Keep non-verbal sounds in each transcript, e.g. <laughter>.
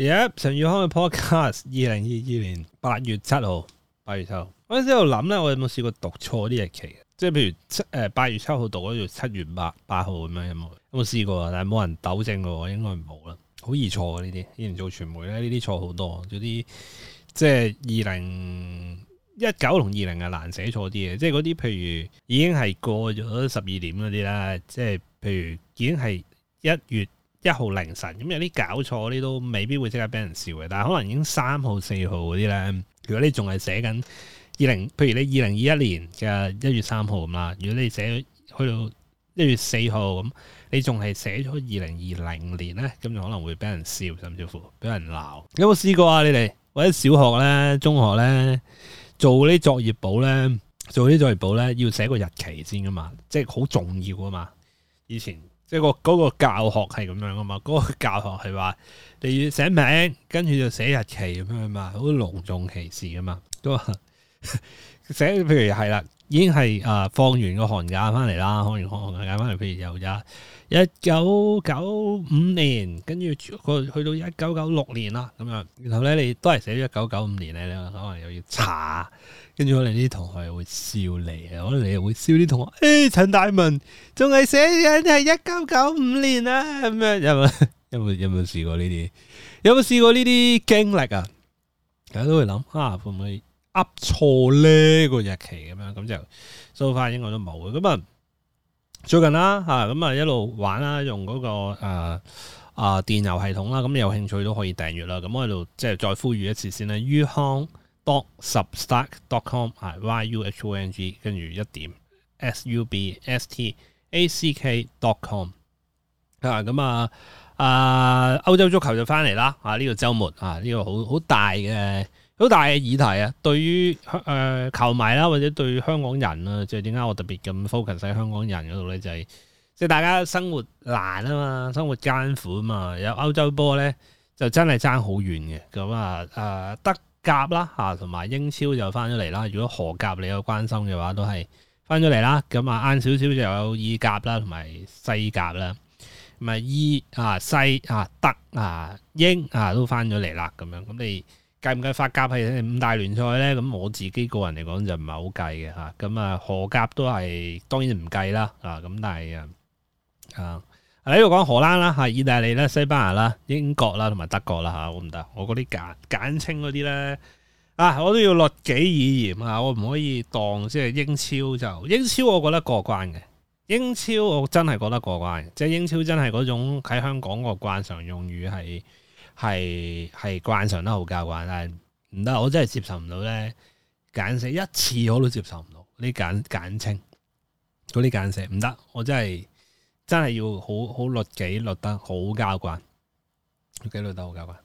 而家陳宇康嘅 podcast，二零二二年八月七號，八月七號，我喺度諗咧，我有冇試過讀錯啲日期？即係譬如七誒八月七號讀咗做七月八八號咁樣有冇？有冇試過？但係冇人糾正喎，應該冇啦。好易錯嘅呢啲，以前做傳媒咧，呢啲錯好多。嗰啲即係二零一九同二零係難寫錯啲嘅，即係嗰啲譬如已經係過咗十二點嗰啲啦，即係譬如已經係一月。一號凌晨咁有啲搞錯啲都未必會即刻俾人笑嘅，但係可能已經三號四號嗰啲咧，如果你仲係寫緊二零，譬如你二零二一年嘅一月三號咁啦，如果你寫去到一月四號咁，你仲係寫咗二零二零年咧，咁就可能會俾人笑，甚至乎俾人鬧。有冇試過啊？你哋或者小學咧、中學咧做啲作業簿咧，做啲作業簿咧要寫個日期先噶嘛，即係好重要啊嘛，以前。即係個嗰個教學係咁樣噶嘛，嗰個教學係話你要寫名，跟住就寫日期咁樣嘛，好隆重其事噶嘛，都話寫譬如係啦。已經係啊放完個寒假翻嚟啦，放完寒假翻嚟，譬如有一一九九五年，跟住去到一九九六年啦，咁樣，然後咧你都係寫一九九五年咧，你可能又要查，跟住可能啲同學又會笑你，可能你又會笑啲同學，誒、哎、陳大文仲係寫緊係一九九五年啊，咁樣 <laughs> 有冇有冇有冇試過呢啲？有冇試過呢啲經歷啊？大家都會諗啊，會唔會噏錯呢個日期咁樣，咁就 show 翻英國都冇嘅。咁啊最近啦嚇，咁啊，啊，啊一路玩啦，用嗰、那個誒誒、啊啊、電郵系統啦。咁你有興趣都可以訂閱啦。咁我喺度即係再呼籲一次先啦。於康 dot substack dot com 係 y u h o n g 跟住一點 s u b s t a c k dot com 啊咁啊啊，啊，啊歐洲足球就翻嚟啦嚇！呢、啊這個周末啊呢、這個好好大嘅。好大嘅議題啊！對於、呃、球迷啦，或者對香港人啦，即係點解我特別咁 focus 喺香港人嗰度咧？就係、係、即大家生活難啊嘛，生活艱苦啊嘛。有歐洲波咧，就真係爭好遠嘅咁啊！德甲啦同埋、啊、英超就翻咗嚟啦。如果荷甲你有關心嘅話，都係翻咗嚟啦。咁啊，晏少少就有意甲啦，同埋西甲啦。咁啊意啊西啊德啊英啊都翻咗嚟啦。咁樣咁你。計唔計法甲係五大聯賽呢？咁我自己個人嚟講就唔係好計嘅吓。咁啊，是啊荷甲都係當然唔計啦。啊，咁但係啊啊喺度講荷蘭啦吓、意大利啦、西班牙啦、英國啦同埋德國啦吓、啊，我唔得，我嗰啲簡簡稱嗰啲呢，啊，我都要律己以嚴啊，我唔可以當即係英超就英超，我覺得過關嘅。英超我真係覺得過關，即係英超真係嗰種喺香港個慣常用語係。係係慣常得好交關，但係唔得，我真係接受唔到咧。鹼性一次我都接受唔到，呢啲鹼鹼嗰啲鹼性唔得，我真係真係要好好律己，律得好交關，自己律得好交關，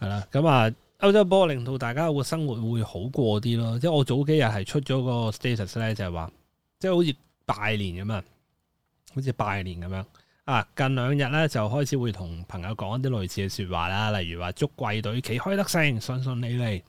係啦。咁啊，歐洲波令到大家個生活會好過啲咯。即係我早幾日係出咗個 status 咧，就係話，即係好似拜年咁啊，好似拜年咁樣。啊！近兩日咧就開始會同朋友講一啲類似嘅說話啦，例如話祝貴隊旗開得勝，順順利利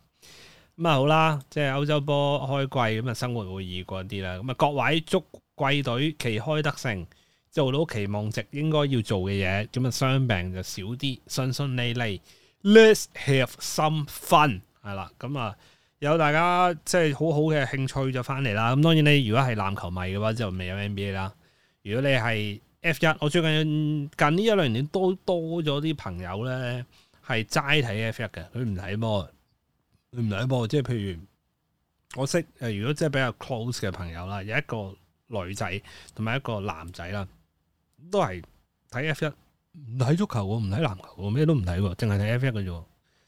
咁啊好啦。即係歐洲波開季咁啊生活會易過啲啦，咁啊各位祝貴隊旗開得勝，做到期望值應該要做嘅嘢，咁啊傷病就少啲，順順利利。Let's have some fun 係啦，咁啊有大家即係好好嘅興趣就翻嚟啦。咁當然你如果係籃球迷嘅話就未有 NBA 啦，如果你係。F 一，我最近近呢一兩年都多咗啲朋友咧，係齋睇 F 一嘅，佢唔睇波，佢唔睇波，即係譬如我識誒，如果即係比較 close 嘅朋友啦，有一個女仔同埋一個男仔啦，都係睇 F 一，唔睇足球喎、啊，唔睇籃球喎、啊，咩都唔睇喎，淨係睇 F 一嘅啫，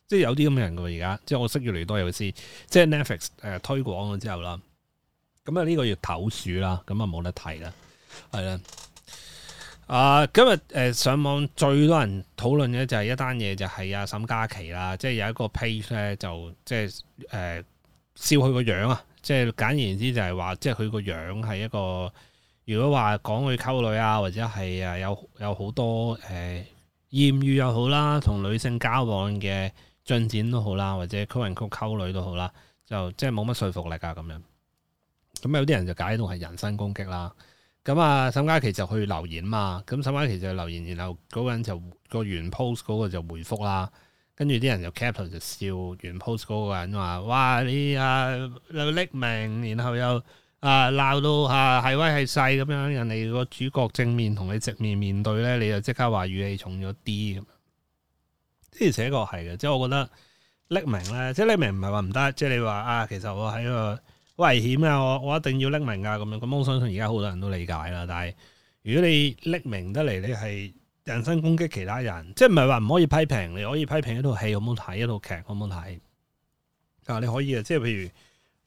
即係有啲咁嘅人嘅而家，即係我識越嚟越多，有啲即係 Netflix 誒推廣咗之後啦，咁啊呢個要投鼠啦，咁啊冇得睇啦，係啦。啊、uh，今日誒、呃、上網最多人討論嘅就係一單嘢，就係啊沈嘉琪啦，即係有一個 page 咧，就即係誒笑佢個樣啊，即係簡而言之就係話，即係佢個樣係一個，如果話講佢溝女啊，或者係啊有有好多、呃、艷遇又好啦，同女性交往嘅進展都好啦，或者 quote unquote 溝女都好啦，就即係冇乜說服力啊咁樣。咁有啲人就解到係人身攻擊啦。咁、嗯、啊，沈嘉琪就去留言嘛。咁沈嘉琪就留言，然後嗰個人就、個原 post 嗰個就回覆啦。跟住啲人就 capture 就笑原 post 嗰個人話，哇！你啊又匿名，然後又啊鬧到啊係、啊、威係勢咁樣，人哋個主角正面同你直面面對咧，你就即刻話語氣重咗啲咁。呢個係嘅，即係我覺得匿名咧，即係匿名唔係話唔得，即係你話啊，其實我喺個。危險啊！我我一定要匿名㗎咁樣，咁我相信而家好多人都理解啦。但係如果你匿名得嚟，你係人身攻擊其他人，即係唔係話唔可以批評，你可以批評一套戲好唔好睇，一套劇好唔好睇。啊，你可以嘅，即係譬如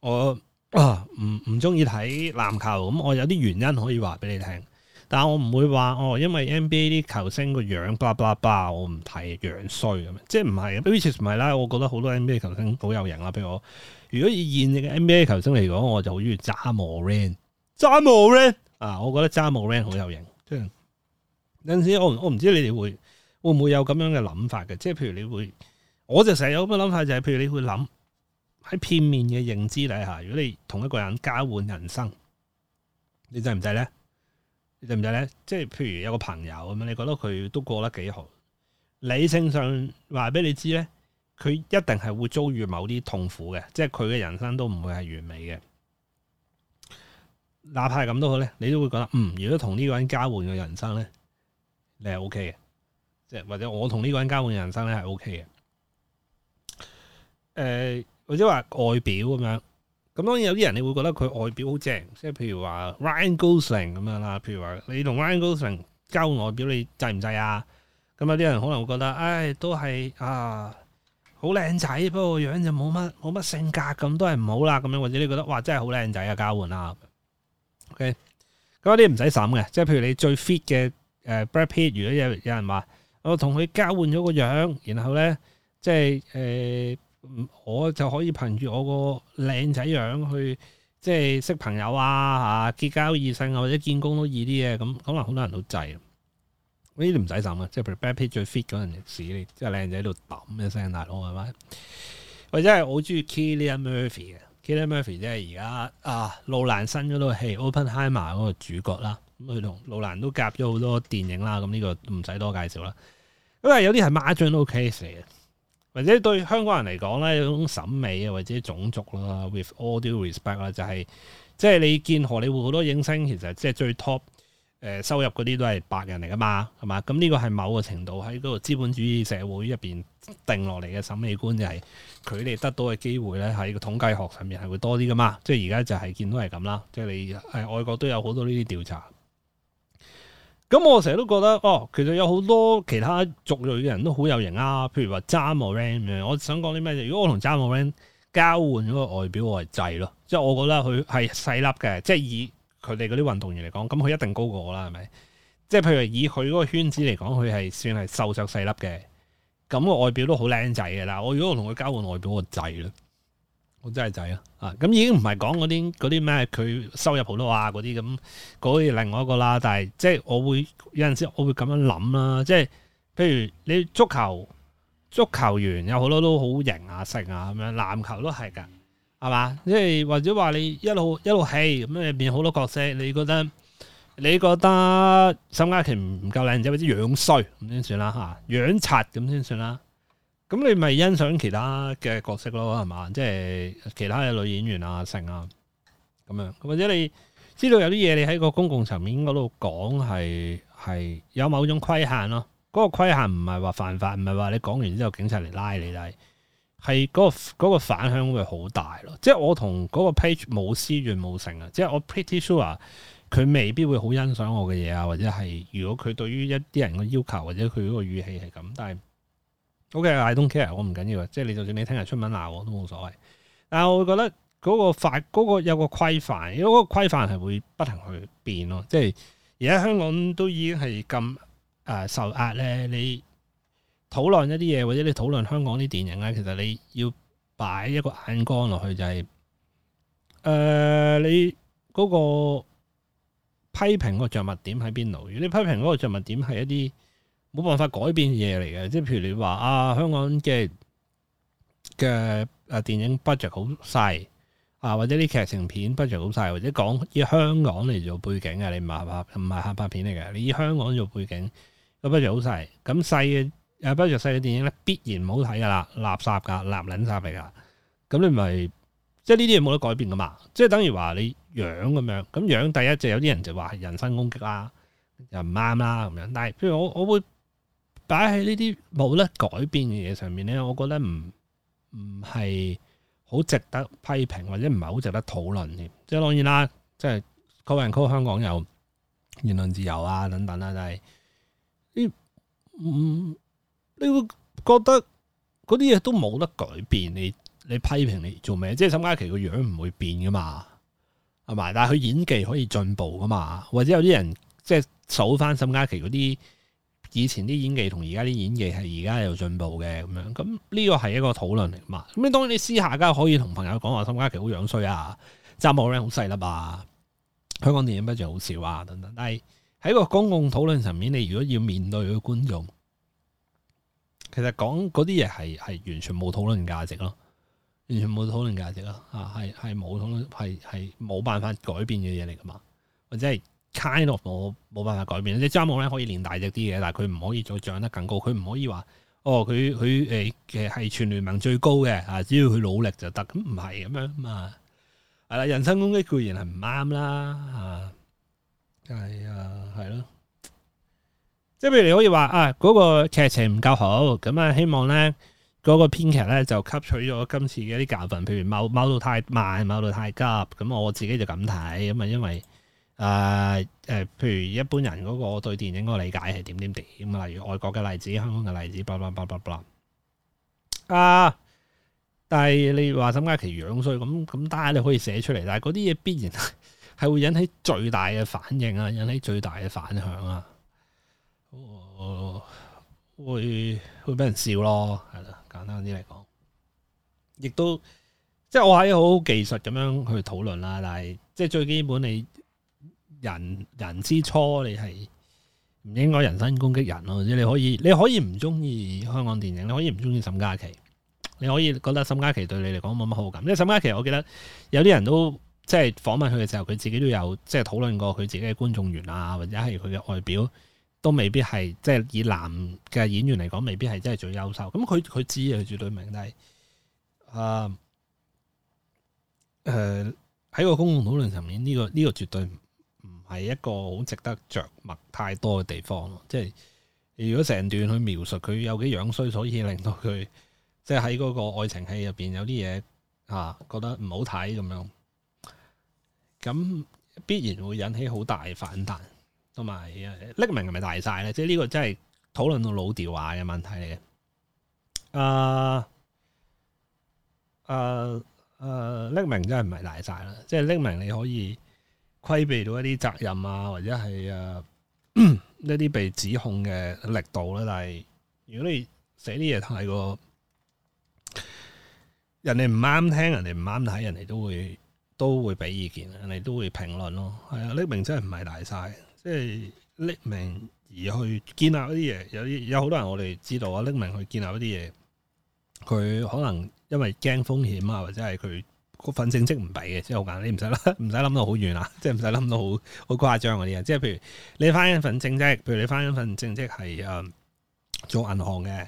我啊，唔唔中意睇籃球，咁我有啲原因可以話俾你聽，但係我唔會話哦，因為 NBA 啲球星個樣，巴巴巴，我唔睇樣衰咁樣，即係唔係 which is 唔係啦，right, 我覺得好多 NBA 球星好有型啦，譬如我。如果以現役嘅 NBA 球星嚟講，我就好中意 Zamo Ren 扎莫蘭，扎莫蘭啊！我覺得扎莫蘭好有型。 <coughs> 就是，有陣時我我唔知你哋會會唔會有咁樣嘅諗法嘅，即係譬如你會，我就成日有咁嘅諗法，就係譬如你會諗喺片面嘅認知底下，如果你同一個人交換人生，你制唔制咧？你制唔制咧？即係譬如有個朋友咁樣，你覺得佢都過得幾好？理性上話俾你知咧。佢一定係會遭遇某啲痛苦嘅，即係佢嘅人生都唔會係完美嘅，哪怕係咁都好咧，你都會覺得嗯，如果同呢個人交換嘅人生咧，你係 O K 嘅，即係或者我同呢個人交換人生咧係 O K 嘅。誒、呃，或者話外表咁樣，咁當然有啲人你會覺得佢外表好正，即係譬如話 Ryan Gosling 咁樣啦，譬如話你同 Ryan Gosling 交換外表你制唔制啊？咁有啲人可能會覺得，唉、哎，都係啊。好靚仔，不過個樣就冇乜冇乜性格咁，都係唔好啦。咁樣或者你覺得哇，真係好靚仔啊，交換啦。OK，咁有啲唔使諗嘅，即係譬如你最 fit 嘅、呃、Brad Pitt，如果有有人話我同佢交換咗個樣，然後咧即係、呃、我就可以憑住我個靚仔樣去即係識朋友啊，啊結交異性、啊、或者見工都易啲嘅，咁咁可能好多人都制。呢啲唔使諗啊！即係譬如 Brad Pitt 最 fit 嗰陣時，即係靚仔喺度揼一聲，大佬係咪？或者係好中意 Cillian Murphy 嘅 Cillian Murphy，即係而家啊路蘭新咗套戲 Oppenheimer 嗰個主角啦。咁佢同路蘭都夾咗好多電影啦。咁呢個唔使多介紹啦。因為有啲係 marginal case 嚟嘅，或者對香港人嚟講咧，有種審美啊，或者種族啦，with all due respect 啦、就是，就係即係你見荷里活好多影星，其實即係最 top。誒收入嗰啲都係白人嚟噶嘛，係嘛？咁呢個係某個程度喺嗰個資本主義社會入邊定落嚟嘅審美觀就係佢哋得到嘅機會咧喺個統計學上面係會多啲噶嘛。即係而家就係見到係咁啦。即係你、哎、外國都有好多呢啲調查。咁我成日都覺得，哦，其實有好多其他族類嘅人都好有型啊。譬如話渣 o Rain 我想講啲咩？如果我同渣 o r a n 交換咗個外表，我係制咯。即係我覺得佢係細粒嘅，即係以。佢哋嗰啲運動員嚟講，咁佢一定高過我啦，係咪？即係譬如以佢嗰個圈子嚟講，佢係算係瘦著細粒嘅，咁個外表都好靚仔嘅啦。我如果我同佢交換外表，我仔啦，我真係仔啊！啊，咁已經唔係講嗰啲啲咩，佢收入好多啊嗰啲咁，嗰啲另外一個啦。但係即係我會有陣時我會咁樣諗啦，啊，即係譬如你足球足球員有好多都好型啊成啊咁樣，籃球都係㗎。係嘛？即係或者話你一路一路戲咁，你變好多角色。你覺得你覺得沈佳琪唔夠靚，即係為樣衰咁先算啦吓，樣賊咁先算啦。咁你咪欣賞其他嘅角色咯，係嘛？即係其他嘅女演員啊，成啊咁樣。或者你知道有啲嘢，你喺個公共層面嗰度講係係有某種規限咯。嗰個規限唔係話犯法，唔係話你講完之後警察嚟拉你，就係嗰個嗰個反響會好大咯，即係我同嗰個 page 冇私怨冇成啊，即係我 pretty sure 佢未必會好欣賞我嘅嘢啊，或者係如果佢對於一啲人嘅要求或者佢嗰個語氣係咁，但係 OK，I don't care，我唔緊要啊，即係你就算你聽日出文鬧我，我都冇所謂。但係我會覺得嗰個法嗰個有個規範，因為嗰個規範係會不停去變咯。即係而家香港都已經係咁、呃、受壓咧，你。討論一啲嘢，或者你討論香港啲電影咧，其實你要擺一個眼光落去、就係，就係誒你嗰個批評個著墨點喺邊度？如果你批評嗰個著墨點係一啲冇辦法改變嘢嚟嘅，即係譬如你話啊，香港嘅嘅誒電影 budget 好細啊，或者啲劇情片 budget 好細，或者講以香港嚟做背景嘅，你唔係合拍唔係合拍片嚟嘅，你以香港做背景個 budget 好細，咁細嘅。誒，不弱細嘅電影咧，必然唔好睇噶啦，垃圾噶，立撚晒嚟噶。咁你咪、就是、即係呢啲嘢冇得改變噶嘛。即係等於話你養咁樣，咁養第一隻有啲人就話係人身攻擊啦，又唔啱啦咁樣。但係譬如我，我會擺喺呢啲冇得改變嘅嘢上面咧，我覺得唔唔係好值得批評或者唔係好值得討論添。即係當然啦，即係佢話講香港有言論自由啊等等啊，就係啲唔～、欸嗯你會覺得嗰啲嘢都冇得改變，你你批評你做咩？即係沈嘉琪個樣唔會變噶嘛，係嘛？但係佢演技可以進步噶嘛？或者有啲人即係數翻沈嘉琪嗰啲以前啲演技同而家啲演技係而家有進步嘅咁樣。咁呢個係一個討論嚟嘛？咁你當然你私下梗係可以同朋友講話，沈嘉琪好樣衰啊，張莫蘭好細啦嘛，香港電影不著好笑啊等等。但係喺個公共討論層面，你如果要面對嘅觀眾。其實講嗰啲嘢係係完全冇討論價值咯，完全冇討論價值咯，啊係係冇討論係係冇辦法改變嘅嘢嚟噶嘛，或者係 kind of 冇冇辦法改變。即係詹姆咧可以練大隻啲嘅，但係佢唔可以再長得更高，佢唔可以話哦佢佢誒嘅係全聯盟最高嘅啊，只要佢努力就得，咁唔係咁樣啊嘛，係啦，人身攻擊固然係唔啱啦，啊係啊係咯。即係譬如你可以話啊，嗰、那個劇情唔夠好，咁啊希望咧嗰、那個編劇咧就吸取咗今次嘅一啲教訓。譬如某某度太慢，某度太急，咁我自己就咁睇。咁啊，因為誒誒、呃呃，譬如一般人嗰個對電影個理解係點點點啊，例如外國嘅例子、香港嘅例子，blah blah blah blah blah 啊！但係你話說沈家琪樣衰咁咁，當然你可以寫出嚟，但係嗰啲嘢必然係會引起最大嘅反應啊，引起最大嘅反響啊。哦、會會俾人笑咯，係啦，簡單啲嚟講，亦都即係我喺好技術咁樣去討論啦。但係即係最基本你，你人人之初，你係唔應該人身攻擊人咯。即你可以，你可以唔中意香港電影，你可以唔中意沈嘉琪，你可以覺得沈嘉琪對你嚟講冇乜好感。因為沈嘉琪，我記得有啲人都即係訪問佢嘅時候，佢自己都有即係討論過佢自己嘅觀眾緣啊，或者係佢嘅外表。都未必係，即係以男嘅演員嚟講，未必係真係最優秀。咁佢佢知，佢絕對明，但係，誒、呃、誒，喺、呃、個公共討論上面，呢、這個呢、這個絕對唔係一個好值得着墨太多嘅地方咯。即係如果成段去描述佢有幾樣衰，所以令到佢即係喺嗰個愛情戲入邊有啲嘢吓覺得唔好睇咁樣，咁必然會引起好大反彈。同埋匿名係咪大晒咧？即係呢個真係討論到老掉牙嘅問題嚟嘅。啊啊啊！匿名真係唔係大晒啦，即係匿名你可以規避到一啲責任啊，或者係啊一啲被指控嘅力度啦，啊、但係如果你寫啲嘢，太過，人哋唔啱聽，人哋唔啱睇，人哋都會都會俾意見，人哋都會評論咯。係啊，匿名真係唔係大晒。即係匿名而去建立嗰啲嘢，有啲有好多人我哋知道啊，匿名去建立嗰啲嘢，佢可能因為驚風險啊，或者係佢份正職唔畀嘅。即係好簡單，你唔使啦，唔使諗到好遠啦，即係唔使諗到好好誇張嗰啲嘢。即係譬如你翻一份正職，譬如你翻一份正職係誒做銀行嘅，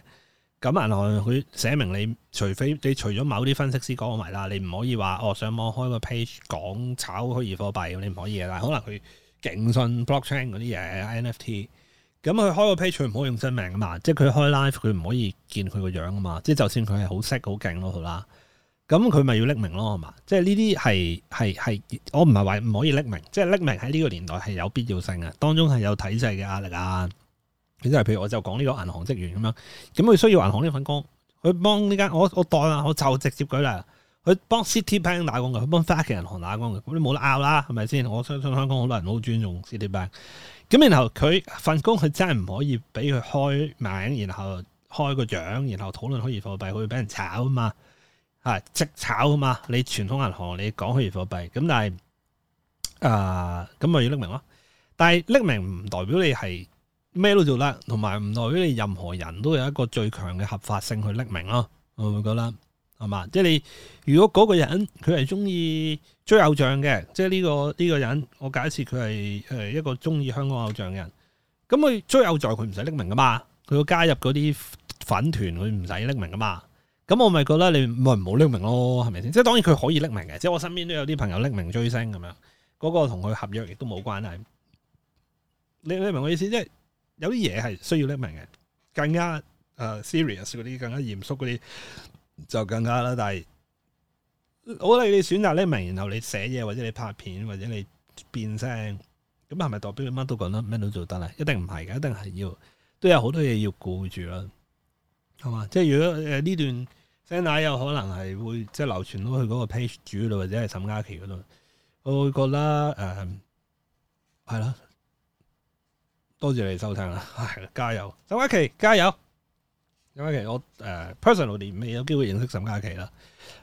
咁銀行佢寫明你，你除非你除咗某啲分析師講埋啦，你唔可以話哦上網上開個 page 講炒虛擬貨幣，你唔可以嘅，但係可能佢。勁信 blockchain 嗰啲嘢 NFT，咁佢開個 page 唔可以用真名噶嘛？即係佢開 live 佢唔可以見佢個樣噶嘛？即係就算佢係好識好勁咯，好啦，咁佢咪要匿名咯，係嘛？即係呢啲係係係，我唔係話唔可以匿名，即係匿名喺呢個年代係有必要性嘅，當中係有體制嘅壓力啊。即係譬如我就講呢個銀行職員咁樣，咁佢需要銀行呢份工，佢幫呢間我我代啊，我就直接舉例。佢幫 CityBank 打工㗎，佢幫花旗銀行打工嘅，咁你冇得拗啦，係咪先？我相信香港好多人好尊重 CityBank。咁然後佢份工佢真係唔可以俾佢開名，然後開個樣，然後討論虛擬貨幣，佢會俾人炒啊嘛，係即炒啊嘛。你傳統銀行你講虛擬貨幣，咁但係啊咁咪要匿名咯？但係匿名唔代表你係咩都做得，同埋唔代表你任何人都有一個最強嘅合法性去匿名咯。我會覺得。係嘛？即係你如果嗰個人佢係中意追偶像嘅，即係呢個呢個人，我假設佢係誒一個中意香港偶像嘅人，咁佢追偶像佢唔使匿名噶嘛？佢要加入嗰啲粉團，佢唔使匿名噶嘛？咁我咪覺得你咪唔好匿名咯，係咪先？即係當然佢可以匿名嘅，即係我身邊都有啲朋友匿名追星咁樣，嗰個同佢合約亦都冇關係。你你明我意思？即係有啲嘢係需要匿名嘅，更加誒 serious 嗰啲，更加嚴肅嗰啲。就更加啦，但係我覺得你選擇匿名然後你寫嘢或者你拍片或者你變聲，咁係咪代表你乜都講得，乜都做得啦？一定唔係嘅，一定係要都有多要好多嘢要顧住啦，係嘛？即係如果誒呢、呃、段聲帶有可能係會即係流傳到去嗰個 page 主度或者係沈嘉琪嗰度，我會覺得誒係啦，多謝你收聽啦，係加油，沈嘉琪加油。因為其實我誒、uh, personally 未有機會認識沈家琪啦，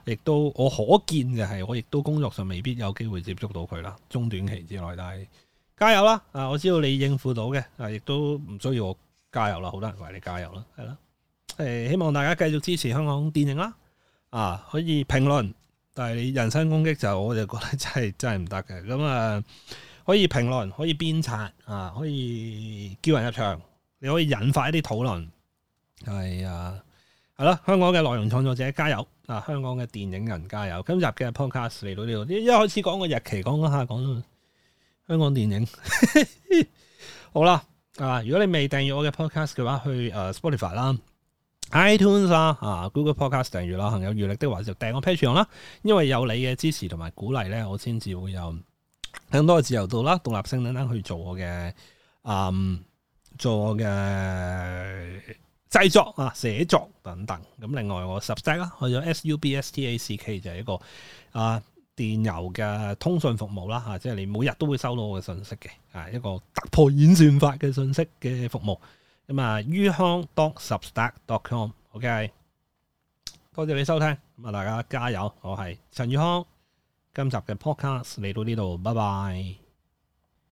亦都我可見就係我亦都工作上未必有機會接觸到佢啦，中短期之內。但係加油啦！啊，我知道你應付到嘅，啊，亦都唔需要我加油啦。好多人為你加油啦，係啦。誒、呃，希望大家繼續支持香港電影啦。啊，可以評論，但係你人身攻擊就我就覺得真係真係唔得嘅。咁啊、呃，可以評論，可以鞭策啊，可以叫人入場，你可以引發一啲討論。係啊，係咯！香港嘅內容創作者加油啊！香港嘅電影人加油！今集嘅 podcast 嚟到呢度，一一開始講個日期，講下講香港電影 <laughs> 好啦啊！如果你未訂閱我嘅 podcast 嘅話，去誒、啊、Spotify 啦、iTunes、啊、啦、啊 Google Podcast 訂閱啦，行有餘力的話就訂我 Patreon 用啦。因為有你嘅支持同埋鼓勵咧，我先至會有更多嘅自由度啦，獨立性等等去做我嘅、嗯、做我嘅製作啊，寫作等等，咁另外我 substack 啦、啊，我有 substack 就係一個啊電郵嘅通訊服務啦，吓、啊、即係你每日都會收到我嘅信息嘅，啊一個突破演算法嘅信息嘅服務，咁啊宇康 dot substack dot com，ok，、OK？多謝你收聽。咁啊大家加油，我係陳宇康，今集嘅 podcast 嚟到呢度，拜拜。